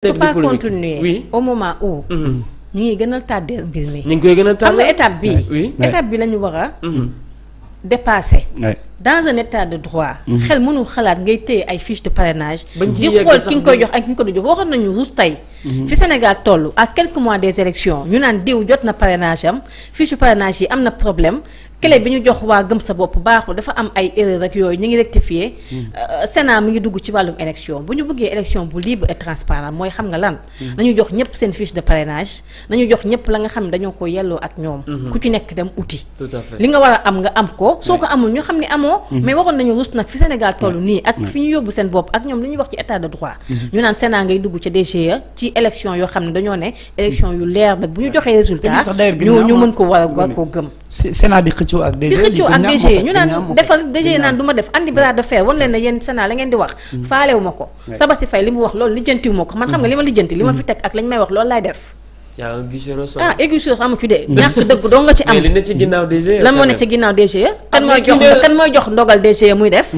peut pas continuer oui. au moment où. Mm-hmm. ñu ngi gën a tàddeel mbir mi. ñu koy gën a tàddeel xam nga étape bii. oui bi la ñu war a. Mm-hmm. dépasser. dans un état de droit. Mm-hmm. xel mënul xalaat ngay téye ay fiches de parrainage. di xool ki nga koy jox ak ki nga koy jox waxoon nañu ruus tey. fi Sénégal toll ak quelques mois des élections ñu naan diw jot na parrainage am fiche parrainage yi am na problème clé bi ñu jox waa gëm sa bopp baaxul dafa am ay erreur ak yooyu ñu ngi rectifier mm-hmm. euh, Sénat mi ngi dugg ci wàllum élection bu ñu buggee élection bu libre et transparent mooy xam nga lan mm-hmm. nañu jox ñëpp seen fiche de parrainage nañu jox ñëpp la nga xam ne dañoo ko yelloo ak ñoom mm-hmm. ku ci nekk dem uti li nga war a am nga am ko soo ko amul ñu xam ne amoo mais waroon nañu rus nag fi Sénégal toll nii ak fi ñu yóbbu seen bopp ak ñoom li ñuy wax ci état de droit ñu naan ngay dugg ca DGE ci yoo xam ne dañoo ne élection yu leer na bu ñu joxee résultat ñu ñu mën ko war a war koo gëm Sénat di xëccoo ak DG. di ñu naan defal DG naan du ma def andi bras de fer wan leen ne yéen Sénat la ngeen di wax faalewu ma ko Sabassi Faye li mu wax loolu lijjantiwu ma ko man xam nga li ma lijjanti li ma fi teg ak lañ may wax loolu laay def ah aiguicheur amu ci de. ñàkk dëgg doo nga ci am lan moo ne ci ginnaaw DG. kan mooy mooy jox ndogal DG muy def.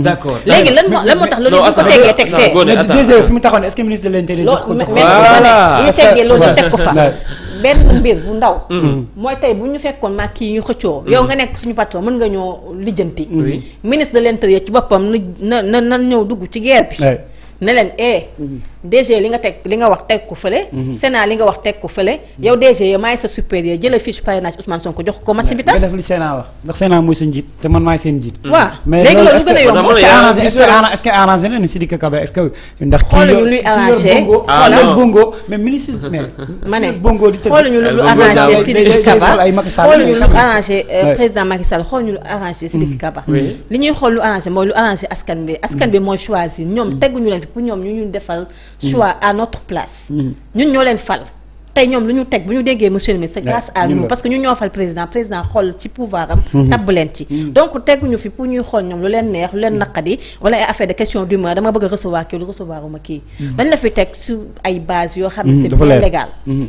léegi lan moo lan moo tax loolu bu ko tegee teg fee. mais fi mu taxoon est-ce ministre de l'intérieur. jox benn mbir bu ndaw. Mm-hmm. Mm-hmm. mooy tey bu ñu fekkoon mag yi ñu xëccoo. Mm-hmm. yow nga nekk suñu patron mën nga ñoo lijjanti. ministre de l'intérieur ci boppam na na na ñëw dugg ci guerre bi. na leen eh. DG li nga teg li nga wax teg ko fële. Mhm. Sénat li nga wax teg ko fële. yow DG maay sa supérieur jëlal fiche parrainage Ousmane Sonko jox ko machine bi tas. nga def li Sénat wax ndax Sénat mooy sa njiit te man maay seen njiit. Mhm. mais léegi loolu ma ne xooluñu eh, euh, lu arrangé mhm. li ñuy xool lu arrangé mooy lu arrangé askan bi askan bi mooy choisir ñoom teguñu leen fi pour ñoom ñu ñu defal choix à notre place. Mm-hmm. ñun ñoo leen fal. tey ñoom lu ñu teg bu ñu déggee monsieur le ministre c'est grâce à nous parce que ñu ñoo fal président président xool ci pouvoir am mm-hmm. leen ci mm-hmm. donc tegguñu fi pour ñuy xool ñoom lu leen neex lu leen naqadi wala ay affaire de question d'humeur dama bëgg a recevoir kii lu recevoir uma kii dañ la fi teg su ay base yoo xam ne c'est bien légal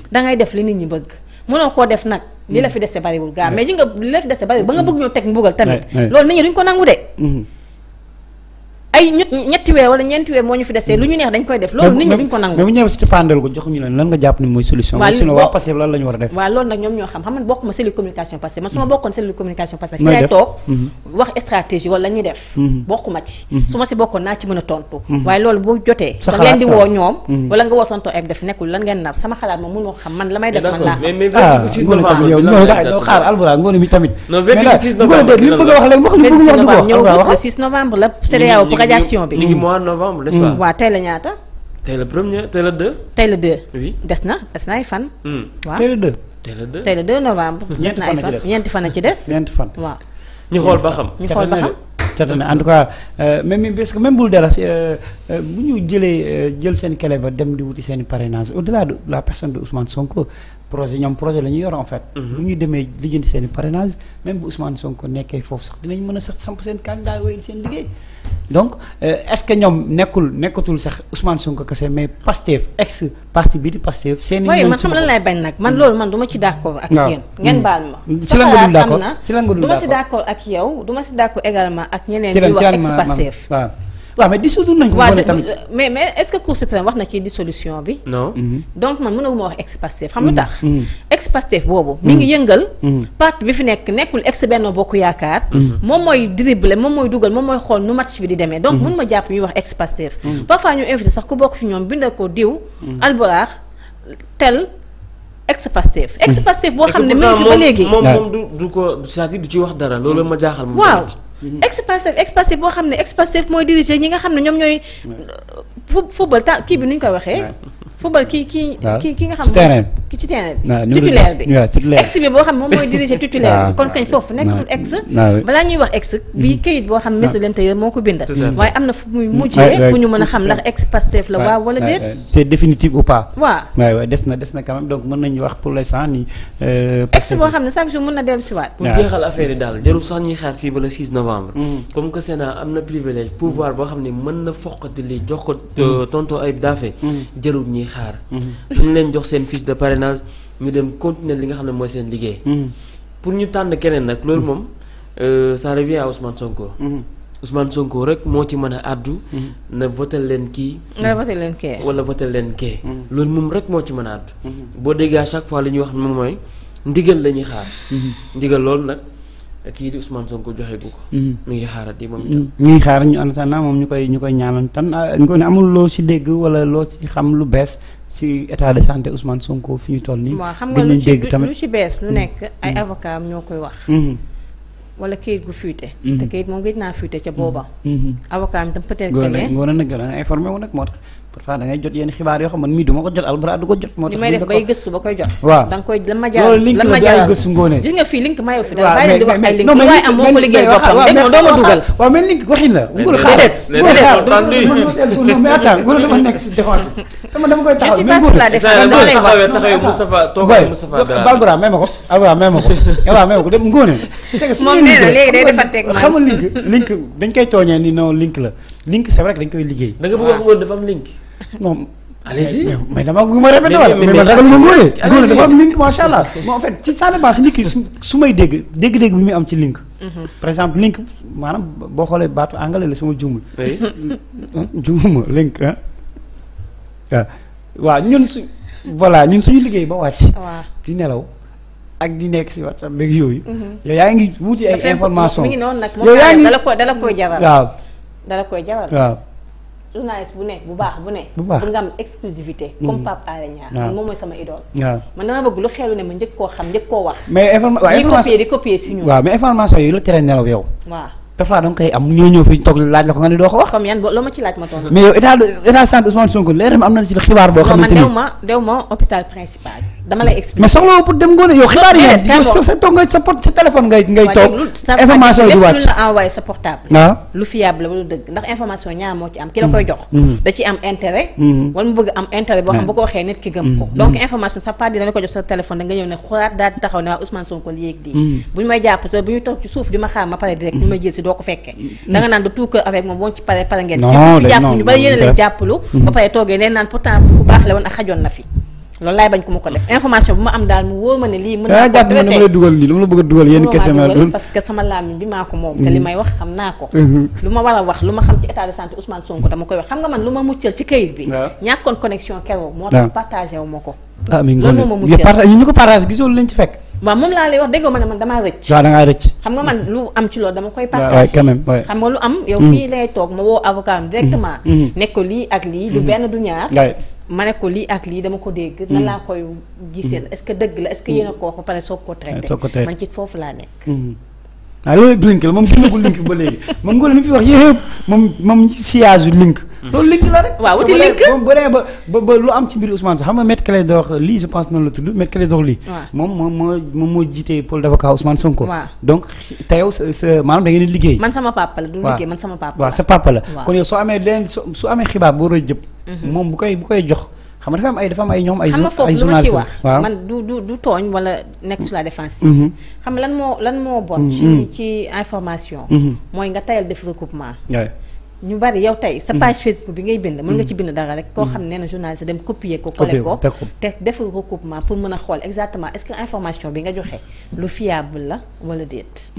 da def li nit ñi bëgg mënoo koo def nag li la fi dese bariwul gaa mais ji li la fi dese bariwul ay ñetti weer wala ñeenti weer moo ñu fi desee hmm. lu ñu neex dañ koy def loolu nit ñi duñ ko nangu mooy solution a bu jotee da hmm. la may def radiation bi ñu ngi mois novembre n'est-ce pas. Mm. waaw tey la ñaata. tey la premier tey la deux. tey la deux. oui des na des na fan. Mm. waaw tey la deux. tey la deux novembre. des na fan a ci des ñeenti fan waaw. ñu xool ba xam ñu xool ba xam. catana en tout cas euh, même parce que même bul dara euh, euh, bu ñu jëlee jël seen kele ba dem di wuti seen parrainage au delà de la personne de Ousmane Sonko projet ñoom projet la ñu yor en fait. Mhm. lu ñu demee lijjanti seen i parrainage même bu Ousmane Sonko nekkee foofu sax dinañ mën a sax samp seen candidat wéyal seen liggéey. donc euh, est-ce ex parti bi di Pastef. seen i ñoom man xam lan lay bañ nag man loolu man du ci d'accord ak yéen. ngeen baal ma. Mm. ci lan nga dul ci d'accord ak yow du ma d'accord également ak ñeneen ñuy wax ex Pastef waaw waaw mais dissoudre nañ ko. boole tamit mais mais est-ce que Cour suprême wax na ci dissolution bi. non mhm. donc man mënuma wax ex-Pastef xam lu mhm. tax. Mhm. ex-Pastef boobu. mi ngi yëngal. parti bi fi nekk nekkul ex Benno Bokk Yaakaar. moom mooy dribble moom mooy dugal moom mooy xool nu match bi di demee. donc mënuma jàpp ñuy wax ex-Pastef. parfois ñu invité sax ku bokk ci ñoom bindal ko diw. albolaax tel. ex-Pastef. ex-Pastef boo xam ne mi ngi fi ba léegi. moom moom du du ko c'est-à-dire du ci wax dara. loolu ma jaaxal moom waaw. Mhm. ex-Pastef ex-Pastef boo xam ne ex-Pastef mooy diriger ñi nga xam ne ñoom ñooy football ta kii bi nu ñu koy waxee football kii kii kii ki nga xam ne ki ah, titulaire bi. waaw bi ex bi boo xam moom mooy diriger ah, titulaire bi. kon kañ foofu ah, nekkatul ex. balaa ñuy wax ex bi mm-hmm. kayit boo xam ministre de mm-hmm. mujjee bu ñu mën a xam ndax ex Pastef la waaw wala déet. c'est définitif ou pas. waaw waaw waaw des na des na quand même donc mën nañu wax pour l'instant ni. Euh, ex boo xam ne chaque jour mën na dellusiwaat. waaw pour jeexal affaire yi daal jarul sax ñuy xaar fii ba novembre. Mm-hmm. comme que Sénat am na privilège pouvoir boo xam ne mën ménage ñu dem continuer li nga xam ne mooy seen liggéey. Mm-hmm. pour ñu tànn keneen nag loolu mm-hmm. moom euh, ça revient à Ousmane Sonko. Mm-hmm. Ousmane Sonko rek moo ci mën a àddu. na votel leen kii. na votel leen kee. wala votel leen kee. loolu moom rek moo ci mën a àddu. boo déggee à chaque fois li ñuy wax moom mooy ndigal la xaar. ndigal loolu nag. kii di Ousmane Sonko joxe gu ko. Mm-hmm. mi ngi xaarat yi moom itam. ñu mm-hmm. ngi xaar ñu ana moom ñu koy ñu koy ñaanal tam ah, ñu ne amul loo ci dégg wala loo ci xam lu bees ci état de santé Ousmane Sonko fi ñu toll nii. dañuy dégg tamit lu ci bees lu mm-hmm. nekk ay avocat am ñoo koy wax. wala kayit gu fuité. te kayit moom gëj naa fuité ca booba. avocat am itam peut-être que ne. ngoone nag informé nag moo tax. parfois da ngay jot yenn xibaar yoo xam man mii du ko jot albara du ko jot. moo tax may def bay gëstu ba koy jot. waaw da koy link link dañ koy tooñee ni non link la link c'est vrai dañ koy liggéey. non. allez-y mais ma répété wala mais man ragal ma ngóoyee. allez dafa am link macha allah. bon en fait ci ça dépend si nit su may dégg dégg-dégg bi muy am ci link. Mhm. par exemple link maanaam boo xoolee baatu anglais la sama juum. oui juum link ah. waaw waaw ñun su voilà ñun suñu liggéey ba wàcc. di nelaw. ak di nekk si WhatsApp beeg yooyu. Mhm. yow yaa ngi wuti ay information. mi ngi noonu nag dala ko dala dala koy jaral waaw. journaliste bu nekk bu baax bu nekk. bu baax nga am exclusivité mm. comme Pape Alé Niang. moom mooy sama idole. waaw man dama bëgg lu xeelu ne ma njëkk koo xam njëkk koo wax. mais information di copier di copier la tere nelaw yow. waaw parfois da koy am ñoo ñëw fi toog laaj la ko nga ne doo ko wax. comme yan loo ma ci laaj ma tontu. mais yow état état santé Ousmane Sonko leer am na ci xibaar boo. xamante ni non man dew ma dew principal. dama lay expliquer mais soxla woo pour dem ngoone yow xibaar yi eh, nga sa pot sa téléphone ngay ngay lu la envoyé sa ah. dëgg ndax information ñaar moo ci am ki la mm. koy mm. am intérêt mm. wala mu bëgg am intérêt ko waxee nit ki gëm ko donc information sa part di dana ko ne xuraat daal di taxaw ne waa Ousmane Sonko li yéeg ma xaar ma pare direct ñu may jël si doo naan de tout cœur avec moom boo ci pare pare ngeen jàpp ñu bari yéen a leen jàppalu ba pare toogee neen naan pourtant bu baax la woon ak xajoon na fi loolu laay bañ ku ma ko def information bu ma am daal mu wóor ma ne lii mën naa ma la a dugal yenn question la doon parce ko moom te li mm-hmm. may wax xam naa ko mm-hmm. a wax lu ma xam ci état de santé Ousmane ma ko ah mais rëcc xam nga man lu am ci loolu dama koy partagé xam nga lu am yow mm. fii lay toog ma woo avocat directement mm. Mm. ne ko lii ak lii du benn du ñaar ma ne ko lii ak lii dama ko dégg. Hmm. na laa koy gisee hmm. est-ce que dëgg la est-ce que yéen a ko wax ba pare soog ko traité. soog ko traité man ci foofu laa nekk. waaw hmm. ah, loolu yëpp link la moom génneegul link ba léegi moom Ngor li mu fi wax yëpp moom moom siyaasu link. loolu link la rek. waaw wuti link moom bu dee ba ba lu am ci mbir Ousmane sax xam nga Maître Clédor lii je pense noonu la tudd Maître Clédor lii. waaw moom moom moo moom moo jiitee pôle d'avocat Ousmane Sonko. waaw donc te yow sa sa maanaam da ngeen di liggéey. man sama papa la du liggéey man sama papa la. waaw sa papa la kon yow soo amee leneen soo amee xibaar boo war a jëpp Mm-hmm. moom bu koy bu koy jox xam nga dafa am ay dafa am ay ñoom ay. xam nga foofu lu ma ci wax man du du tooñ wala nekk su la défensive. Mm-hmm. xam lan moo lan moo bon. Mm-hmm. ci ci information. mooy nga tayal def recoupement. ñu bari yow tey sa page Facebook bi ngay bind mën nga ci bind dara rek koo xam ne na journaliste dem copier ko coller ko te deful recoupement pour mën a xool exactement est-ce que information bi nga joxe lu fiable la wala déet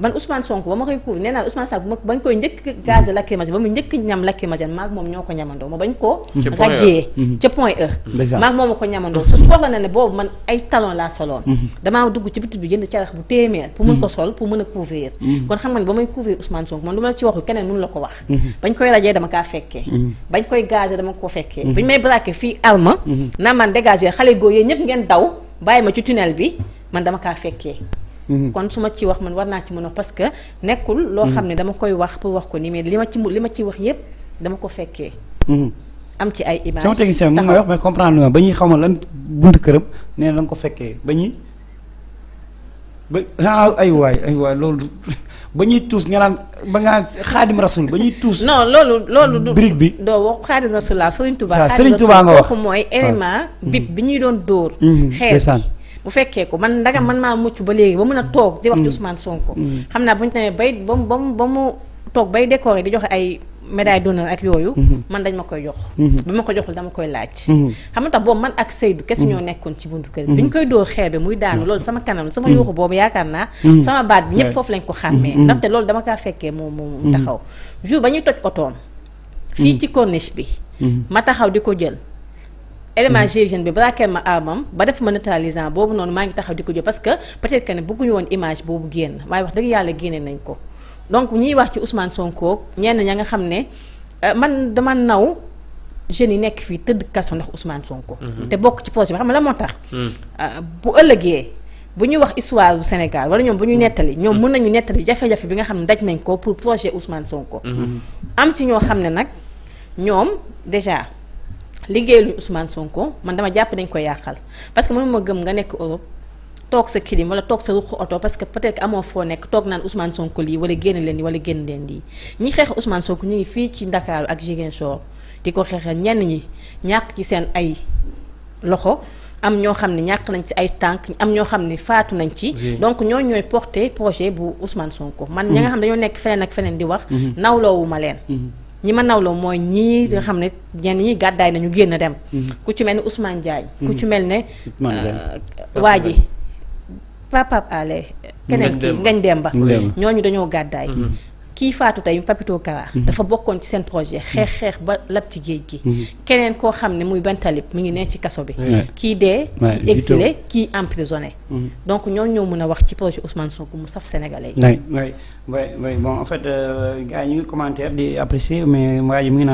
man Ousmane Sonko ba ma koy couvrir nee naa Ousmane Sonko ba ñu koy njëkk gaz lacrymogène ba mu njëkk ñam lacrymogène maag moom ñoo ko ñamandoo ma bañ koo rajjee ca point E, mhm. e. maag moom ma ko ñamandoo su soxla na ne boobu man ay talon laa soloon mhm. damaa dugg ci bitig bi jënd carax bu téeméer pour mën mhm. ko sol pour mën a couvrir kon xam nga ne ba may couvrir Ousmane Sonko man lu ma la ci waxu keneen mënu la ko wax bañ koy rajee dama kaa fekkee bañ koy gazé dama ko fekkee bañ may braqué fii arme naa man dégagé xale góor yee ñëpp ngeen daw bàyyi ma ci tunnel bi man dama kaa fekkee Mm-hmm. kon su ma ci wax man war naa ci mën a parce que nekkul loo mm-hmm. xam ne dama koy wax pour wax ko ni mais li ma ci li ma ci wax yépp dama ko fekkee mm-hmm. am ci ay image sama technicien may wax mais comprendre ma ba ñuy xamal lan buntu këram nee na nga ko fekkee ba ñuy ba ah, ay waay ay waay loolu ba ñuy tuus nga naan ba ngaa xaadim rasul ba ñuy tuus. non loolu loolu du brique bi. doo wax xaadim rasul laa Serigne Touba. Serigne Touba nga wax mooy élément. bip bi ñuy doon dóor. xeer bu fekkee ko man ndaga man maa mucc ba léegi ba mën a toog di wax ci mm. Ousmane sonk mm. xam naa bu ñu tamee bay ba mu ba mu toog bay décorer di joxe ay médaille d'honneur ak yooyu mm-hmm. man dañ ma koy jox mm-hmm. bi ma ko joxul dama koy laaj mm-hmm. xam nga tax boobu man ak Seydou kese ñoo nekkoon ci buntu kër ñu koy dóor xeer bi muy daanu loolu sama kanam sama yuuxu boobu yaakaar naa sama baat bi ñëpp foofu lañ ko xàmmee ndaxte loolu dama kaa fekkee moom moom taxaw jour ba ñuy toj otoom fii ci corniche bi ma taxaw di ko jël élément GIGN bi braqué ma armam ba def ma neutralisant boobu noonu maa ngi taxaw di ko jóg parce que peut-être que ne bëgguñu woon image boobu génn waaye wax dëgg yàlla génne nañ ko donc ñiy wax ci Ousmane Sonko ñenn ña nga xam ne euh, man dama naw jeunes yi nekk fii tëdd kaso ndax Ousmane Sonko. Mhm. te bokk ci projet bi xam nga la moo tax. Mhm. Euh, bu ëllëgee bu ñu wax histoire bu Sénégal wala ñoom bu ñuy mhm. nettali. ñoom mun nañu nettali jafe-jafe bi nga xam ne daj nañ ko pour projet Ousmane Sonko. am ci ñoo xam ne nag ñoom déjà. liggéey liggéeyaluñu Ousmane Sonko man dama jàpp dañ ko yàqal parce que mënuma gëm nga nekk Europe toog sa kilim wala toog sa ruq oto parce que peut-être amoo foo nekk toog naan Ousmane Sonko lii wala génn leen di wala génn leen di ñi xeex Ousmane Sonko ñu ngi fii ci Ndakaaru ak Ziguinchor di ko xeexal ñenn ñi ñàkk ci seen ay loxo am ñoo xam ne ñàkk nañ ci ay tànk am ñoo xam ne faatu nañ ci. donc ñoo ñooy porter projet bu Ousmane Sonko. man ña nga mm-hmm. xam dañoo nekk feneen ak feneen di wax. Mm-hmm. nawloowu ma leen. Mm-hmm. ñi ma nawloo mooy ñii nga mm-hmm. xam ne ñenn ñi gàddaay nañu génn dem. Mm-hmm. ku ci mm-hmm. mel ne Ousmane Diagne. ku ci mel ne. waa ji Papa Ale. keneen kii Ngagne Demba ñooñu dañoo gàddaay. kii faatu tey Papito Kara mhm. dafa bokkoon ci seen projet mhm. xeex xeex ba lab ci géej gi mhm. keneen koo xam ne muy Bentalib mi ngi ne ci kaso bi kii dee kii exilé kii emprisonné donc ñoo ñoo mën a wax ci projet Ousmane Sonko mu saf sénégalais yi euh, ñu ngi commentaire di apprécier mais waa ji mi ah,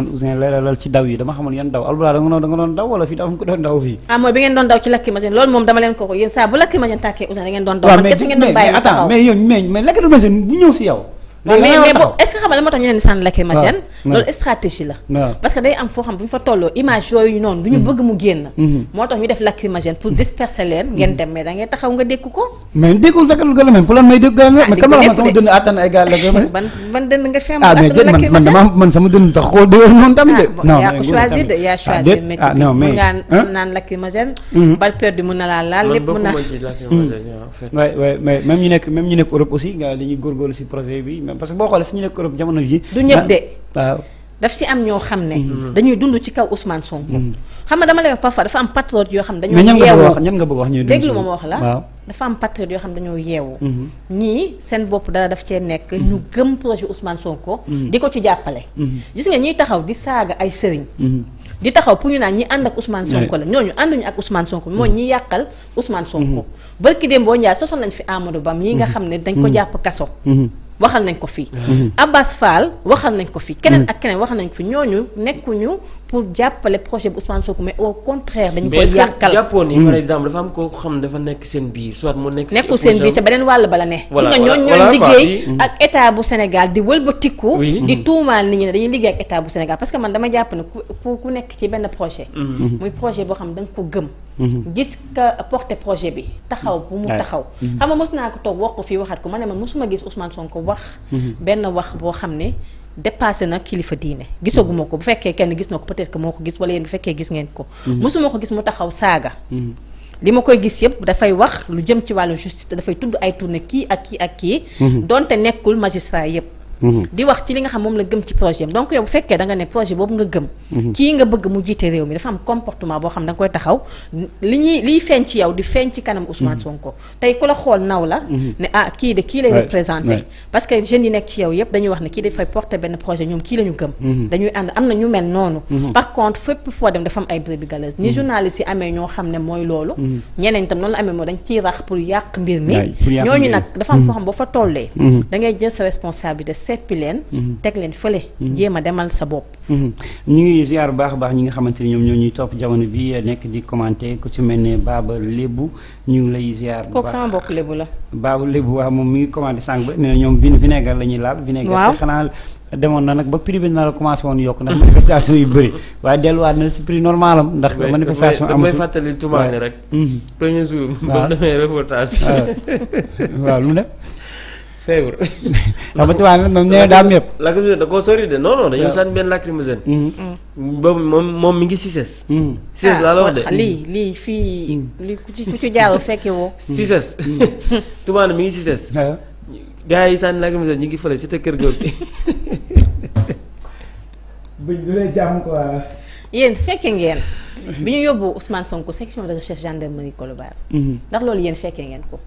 mais mais yoon mais mais lacrymogène bu ñëw si yow mais mais bu est ce que xam nga la moo tax ñu leen di sànni lacrymogène ah, loolu stratégie la parce que day am foo xam bu ñu fa tolloo image yooyu noonu du ñu mm-hmm. bëgg mu génn mm-hmm. moo tax ñu def lacrymogène pour mm-hmm. disperser leen ngeen dem mais da ngay taxaw nga dékku ko mais dékkul sakal gala même pour lan may dékk gala ah, mais kamara man sama dënn attan ay gala ban ban dënn nga fi am ah mais déet man dama man sama dënn tax koo déwér noonu tamit de ah, non yaa ko choisir de yaa choisir métier bi mun ngaa naan lacrymogène bal perdu mun na laa laal lépp mun naa waay waay mais même ñu nekk même ñu nekk Europe aussi nga dañuy góorgóorlu si projet bi parce que boo xoolee suñu nekk Europe jamono ji du ñëpp de ah, daf si am ñoo xam ne. Mm. dañuy dund ci kaw Ousmane Sonko. Mm. xam nga dama lay wax parfois dafa am patriote yoo xam dañoo. yeewu ñan nga dund am patriote yoo xam dañoo yeewu. Mm-hmm. ñii seen bopp dara daf cee nekk. Mm-hmm. ñu gëm projet Ousmane Sonko. Mm-hmm. di ko ci jàppale. gis nga ñiy taxaw di saaga ay sëriñ. di taxaw pour ñu ñi ànd ak Ousmane Sonko la ñooñu ànduñu ak Ousmane Sonko mooy ñi yàqal Ousmane Sonko. barki démb boo Ndiaye nañ fi Amadou Ba yi nga xam ne dañ ko jàpp kaso. waxal nañ ko fii. Mm-hmm. Mm-hmm. Abbas Fall waxal nañ ko fii. keneen mm-hmm. ak keneen waxal nañ ko fii ñooñu nekkuñu pour jàppale projet bu Ousmane Sonko mais au contraire. dañu koy yàqal mais jàppoon ni par exemple dafa am koo xam dafa nekk seen biir soit mu nekk. nekkul seen biir ca beneen wàll bala ne. voilà voilà ñooñu ñooy liggéey ak état bu Sénégal di wëlbatiku. di tuumaal nit ñi ne dañuy liggéey ak état bu Sénégal parce que man dama jàpp ne ku ku nekk ci benn projet. muy projet boo xam da nga ko gëm. Mm-hmm. gis ka porté projet bi taxaw bu mu taxaw mm-hmm. xam nga mës naa ko toog wax ko fii waxaat ko ma ne man mosuma gis Ousmane Sonko wax mm-hmm. benn wax boo xam ne dépassé na kilifa diine gisaguma ko bu fekkee kenn gis na ko peut-être que moo ko gis wala yéen bu fekkee gis ngeen ko mosuma ko gis mu taxaw saaga li ma koy gis yëpp dafay wax lu jëm ci wàllu justice dafay tudd ay tourné kii ak kii ak kii donte nekkul magistrat yëpp Mhm. di wax ci li nga xam moom la gëm ci projet donc yow bu fekkee da nga ne projet boobu nga gëm mhm. kii nga bëgg mu jiite réew mi dafa am wax ne kii dafay porter benn projet ñoom kii la ñu gëm mhm. na ñu mel noonu par contre fépp foo dem dafa am ay brebis galeuses ni journalistes yi amee ñoo xam ne mooy loolu ñeneen itam noonu la amee moo dañ ciy rax pour yàq mbir mi ñooñu nag dafa am foo xam boo fa tollee da ngay jël sa responsabilité seppi leen mhm. teg leen fële mhm. jéem a demal sa bopp mhm. ñu ngi ziar bu baax a baax ñi nga xamante ni ñoom ñoo ñuy topp jamono bi nekk di commenter ku ci mel ne Baba Lébu ñu ngi lay ziar kooku sama mbokk Lébu la Baba Lébu waaw moom mu ngi commandé sànq ba nee na ñoom bin vinaigre la ñuy laal vinaigre te xanaa demoon na nag ba prix na nar a commencé woon yokk ndax manifestation yu bëri waaye delluwaat na si prix normal am ndax manifestation amatu damay waaw lu ne feebar. xam nga moom nee daa am yëpp. lacrymogène da koo sori de non non dañoo sànni benn lacrymogène. Mm-hmm. Mm-hmm. boobu moom mi ngi Cices. Cices mm-hmm. laa la wax ah, lii lii fii. lii ku ci ku ci jàll fekke woo. Cices. tubaab mi ngi Cices. waaw gars yi sànni lacrymogène ñi ngi fële si te kër góor gi. buñ du fekke ngeen. bi ñu yóbbu Ousmane Sonko section de recherche gendarmerie Colobane. ndax loolu yéen fekkee ngeen ko.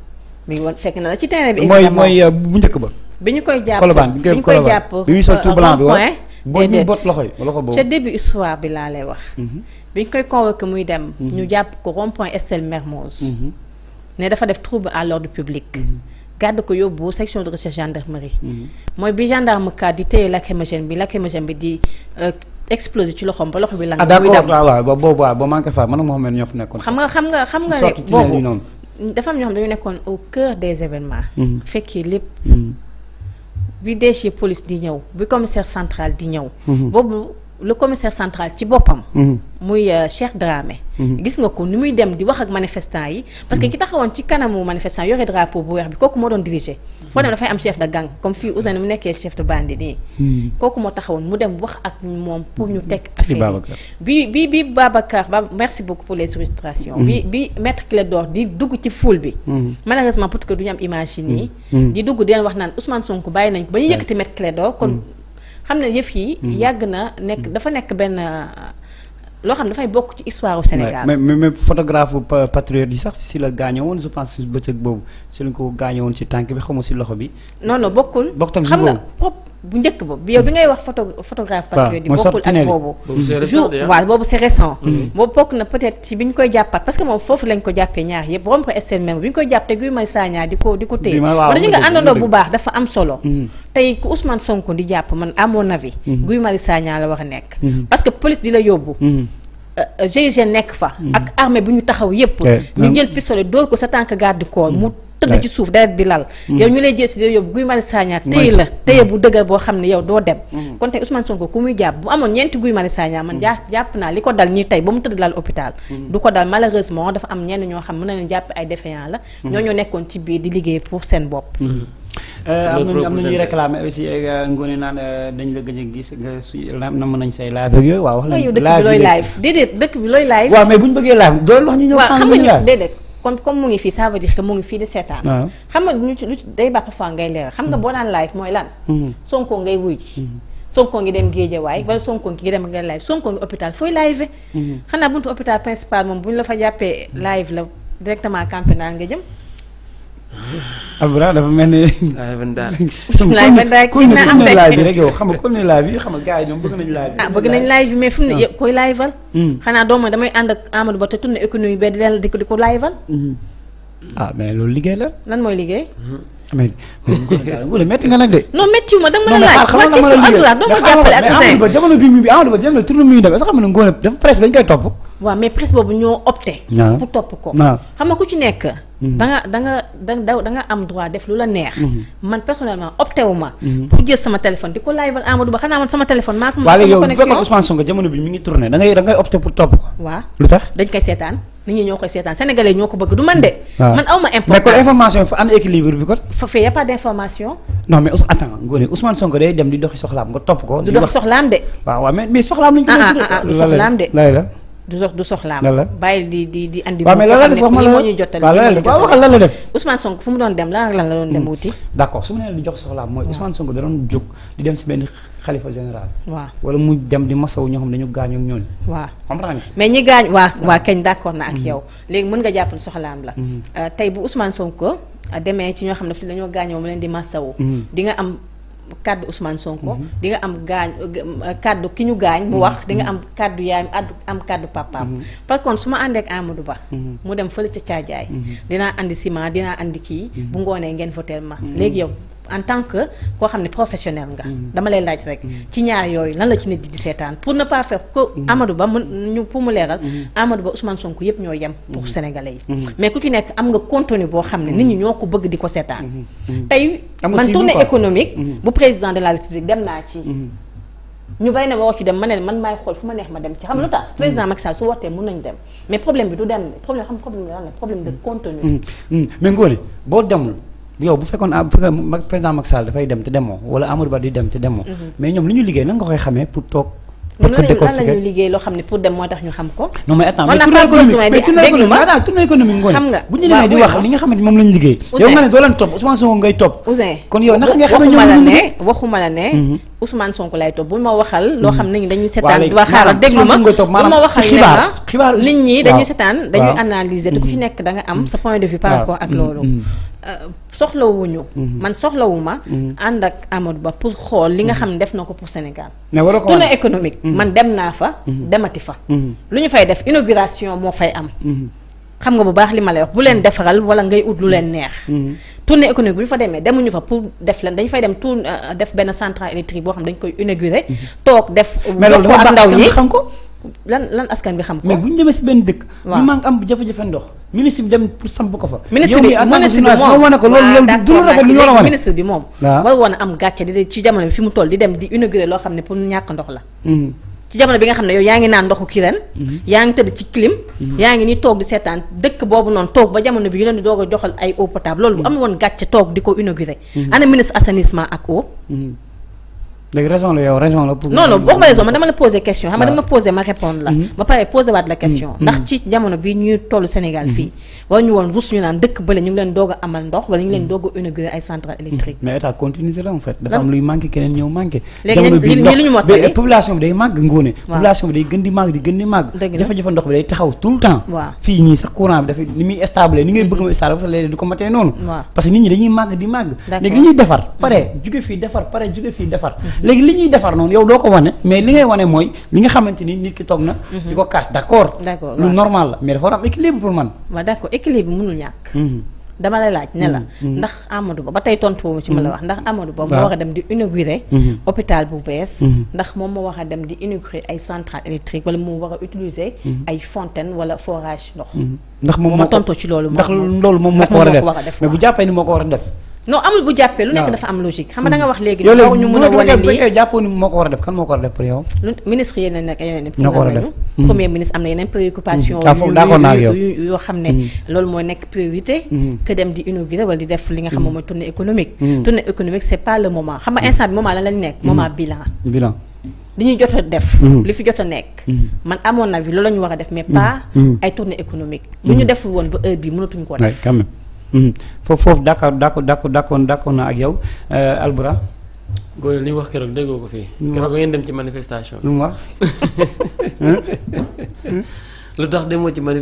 mi ngi woon fekk na la ci terrain bi. mooy mooy euh, bu njëkk ba. bi ñu koy jàpp Colobane bi ñu koy jàpp bi ñu euh, bi histoire bi laa lay wax. Mhm. bi ñu koy convoqué muy dem. Mhm. ñu jàpp ko rond point Estelle Mermoz. Mhm. ne dafa def trouble à l'ordre public. gàdd ko yóbbu section de recherche gendarmerie. mooy bi gendarme kat di téye lacrymogène bi lacrymogène bi di euh, explosé ci loxoom ba loxo bi. lan ah, muy dem ah d'accord waaw waaw boobu waaw ba manqué faa man a Mouhamed ñoo fa xam nga xam nga xam nga ne boobu dafa am ñoo xam dañu nekkoon au cœur des événements. Mm-hmm. fekkee lépp. Mm-hmm. bi DG police di ñëw bi commissaire centrale di ñëw. Mm-hmm. boobu le commissaire central ci boppam. Mhm. muy euh, Cheikh Dramé. Mhm. gis nga ko ni muy dem di wax ak manifestant yi. parce que mhm. ki taxawoon ci kanamu manifestant yore drapeau bu weex bi kooku moo doon diriger. foo dem dafay am chef de gang comme fii Ousseynou mu nekkee chef de bande nii. kooku moo taxawoon mu dem wax ak moom pour ñu teg affaire bi bi bi Babacar ba merci beaucoup pour les illustrations. bi bi maître Clédor di dugg ci foule bi. malheureusement peut-être que du ñu am image dugg di wax naan Ousmane Sonko bàyyi nañ ko ba ñu yëkkati maître Clédor kon. xam ne yëf yi. Mhm. yàgg na nekk mhm. dafa nekk benn euh, loo xam ne dafay bokk ci histoire u Sénégal. mais mais photographe patriote yi sax si la gaañoo woon je pense bëccëg boobu si lañ ko gaañoo woon ci tànk bi xaw ma si loxo bi. non non bokkul. bokkul ak xam nga bu njëkk ba yow bi ngay wax photo photographe patriote yi bokkul ak boobu jour waaw boobu c'est récent mm-hmm. boobu bokk na peut-être ci bi ñu koy jàppaat parce que moom foofu lañ ko jàppee ñaar yëpp rompre seen même bi ñu koy jàpp te Guy Marius Sagna di ko di ko téye ma dañu nga àndandoo mm-hmm. man à mon mm-hmm. Guy Marius Sagna la war a nekk parce que police di la yóbbu euh, euh, GIGN nekk fa ak armée bu ñu taxaw yëpp eh, ñu jël pistolet doo ko sa tànk garde corps mu tëdd ci suuf deret bi lal mm-hmm. yow ñu lay jël si yóbbu Guy Marius Sagna téye la mm-hmm. téye bu dëgër boo xam ne yow doo dem mm-hmm. kon tey Ousmane Sonko ku muy jàpp bu amoon ñeenti Guy Marius Sagna man jaa jàpp naa li ko dal nii tey ba mu tëdd lal hôpital du ko dal malheureusement dafa am ñenn ñoo xam mën na leen jàpp ay défaillant la ñoo ñoo nekkoon ci biir di liggéey pour seen bopp euh, am nañu am nañuy réclamer aussi euh, ngoone naan euh, dañ la gëj a gis nga su na mën nañ say live ak yooyu la dëkk bi looy kon comme mu ngi fii ça veut dire mu ngi fii di seetaan. xam nga ñu ci lu day baax parfois ngay leeral xam nga mm. boo daan live mooy lan. Mm-hmm. Sonko ngay wuy ji. Mm-hmm. sonkoo ngi dem géeja Géejawaay wala Sonko ngi dem nga live Sonko ngi hôpital fooy live. Mm-hmm. xanaa buntu hôpital principal moom bu ñu la fa jàppee live la directement campagnat nga jëm. Abra dafa mel ni. laay ban daal laay ban daal kii na am laay bi rek yow xam nga comme ni laay xam nga gars yi ñoom bëgg nañ laay bi. ah bëgg nañ laay bi mais fu ne ah. koy laay val. Hmm. xanaa doomu damay ànd ak Amadou Ba te tourné économie ba di leen di ko di ko laay val. Hmm. ah mais loolu liggéey la. lan mooy liggéey. Ah, mais wala métti nga nag de. non méttiwu ma dama la laaj ma question Abdoulaye doo ma jàppale ak. mu bi Amadou Ba jamono tournée mi ñu dem ne ngoone dafa presse bañ koy topp waaw mais presse boobu ñoo opté. pour topp ko. xam nga ku ci nekk. Mhm. da nga da nga da nga am droit def lu la neex. Mhm. man personnellement opté wu ma. Mhm. pour jël sama téléphone di ko live Amadou Ba xanaa man sama téléphone. maa ko moom sama connexion waaye yow bu fekkoon Ousmane Sonko jamono ko. waaw lu tax dañ koy seetaan. nit ñi ñoo koy du man de. man aw ma importance mais kon information fa am équilibre bi a pas doxi soxlaam nga topp ko. di doxi soxlaam de. waaw waaw mais mais soxlaam lañ ko. ah ah, ah soxlaam de du sox du soxlaam. lan la bàyyil di di di andi. waaw mais lan la ma la def waaw waxal lan la def. Ousmane Sonko fu mu doon dem lan lan la doon dem hmm. wuti. d' su ma nee di jox soxlaam mooy Ousmane Sonko da doon jóg di dem si benn xalifa général. waaw wala mu dem di masaw ñoo xam dañu gaañoo ak ñooñu. mais ñi gaañ waa waa kañ na ak hmm. yow. léegi mën nga jàpp soxlaam la. Hmm. Euh, tey bu Ousmane Sonko euh, demee ci ñoo xam ne fi dañoo gaañoo mu leen di masawu. di am kàddu Ousmane Sonko. Mhm. di nga am gaañ euh, kàddu ki ñu gaañ. mu mhm. wax di nga am kàddu yaay am kàddu papaam. Mhm. par contre su ma àndeek ak Amadou Ba. mu dem fële ca caajaay dinaa indi ciment dinaa andi kii. bu ngoonee ngeen voté ma léegi yow. en tant que koo xam ne professionnel nga. Mm. dama lay laaj rek. Mm. ci ñaar yooyu lan la ci nit di seetaan pour ne pas faire que mm. Ba mu ñu pour mu leeral. Amadou Ba Ousmane Sonko yëpp ñoo yem. pour sénégalais yi. mais ku ci nekk am nga contenu boo xam ne nit ñi ñoo ko bëgg di ko seetaan. tey man tournée économique. bu président de la république dem naa ci. ñu bay ne woo ci dem ma ne man maay xool fu ma neex ma dem ci xam lu tax président Macky Sall su wootee mun nañ dem mais problème bi du dem problème xam problème lan la problème de contenu boo demul yow bu fekkoon ah président Macky Sall dafay dem te demoo wala Amadou di dem te demoo. Mhm. mais ñoom li ñu liggéey nan koy xamee pour toog. pour loo xam ne nga nga ne doo leen topp Ousmane Sonko ngay topp. Ousseyn kon yow naka nga xam ñoom ñu ne waxuma la ne. Mhm. Ousmane Sonko lay topp bu ma waxal loo mhm. xam ne dañuy seetaan waa xaaral déglu nit ñi dañuy seetaan dañuy analyser te ku ci nekk da am sa point de vue par rapport ak loolu euh, soxlawuñu. Mhm. man soxlawuma. Mhm. ànd ak Amadou Ba pour xool li nga mhm. xam ne def na ko pour Sénégal. mais war tournée économique. man dem naa fa. demati fa. lu ñu fay def inauguration moo fay am. xam nga bu baax li ma lay wax bu leen defaral wala ngay ut lu leen neex. tournée économique bu ñu fa demee demuñu fa pour def leen dañ fay dem tour euh, def benn centrale électrique boo xam dañ koy inaugurer. toog def. jokkoo ak ndaw ñi lan lan askan bi xam ko. mais bu ñu demee si benn dëkk. waaw ñu maa ngi am jafe-jafe ndox. ministre bi dem pour samp ko fa. ministre bi ah, ministre bi moom wane ah. ko loolu loolu du la ko bi moom. waaw woon a am gàcce di ci jamono fi mu toll di dem di inauguré loo xam ne pour ñàkk ndox la. Hmm. ci jamono nga xam ne yow yaa ngi naan ndoxu kireen hmm. yaa ngi tëdd ci clim. Hmm. yaa ngi ni toog di seetaan dëkk boobu noonu toog ba jamono bi yu leen di doog a joxal ay eau potable loolu bu am woon gàcce toog di ko inauguré. ana ministre assainissement ak eau léegi raison la yow raison la. pour non non question. xam nga dama poser ma répondre la. Mm-hmm. ba pare poser waat la question. Mm-hmm. ndax ci jamono bi ñuy toll Sénégal mm-hmm. fii. war ñu woon rus ñu naan dëkk bële ñu ngi leen doog amal ndox wala ñu leen doog a inaugurer ay centrales électriques. mais état continuer la population bi day màgg ngóone. population bi day gën di màgg di gën di màgg. dëgg la ndox bi day taxaw tout le temps. fii ñii sax courant bi dafay ni muy stable ni ngay bëgg ma stable léegi li ñuy defar noonu yow doo ko wane mais li ngay wane mooy li nga xamante ni nit ki toog na. Mhm. di ko kaas d' accord. d' accord lu normal la mais dafa war a am équilibre pour man. waaw d' accord équilibre mënul ñàkk. Mhm. dama lay laaj ne la. Mhm. ndax Amadou Ba ba tey tontu boobu ci ma la wax ndax Amadou Ba. moo war a dem di inaugurer. hôpital bu bees. ndax moom moo wax a dem di inaugurer ay centrale électrique wala moo war a utiliser. ay fontaine wala forage ndox. ndax moom ma ko ci loolu. ndax loolu moom moo ko war a def bu jàppee ni moo ko war a def. non amul bu jàppee lu nekk dafa am logique xam nga nga wax léegi loolu ñu a wane lii eh, moo ko war a def kan moo ko war a def pour yow lu ministre yeneen nag yeneen ñoo ko war a def hmm. premier ministre am na yeneen préoccupation hmm. yoo xam ne hmm. loolu mooy nekk priorité que dem di inaugurer wala di def li nga xam moom mooy tournée économique tournée économique c'est pas le moment xam nga instant bi moment lan nekk moment bilan bilan li ñu jot a def li fi jot a nekk man à mon avis la ñu war a def mais pas ay tournée économique lu ñu woon ba heure bi ko Mhm. foofu foofu d'accord d'accord d'accord d'accord d'accord na ak yow euh, Albourakh. Gora li wax keroog déggoo ko fii. keroog ngeen dem ci manifestation. lu mu wax. lu tax demoo ci manifestation.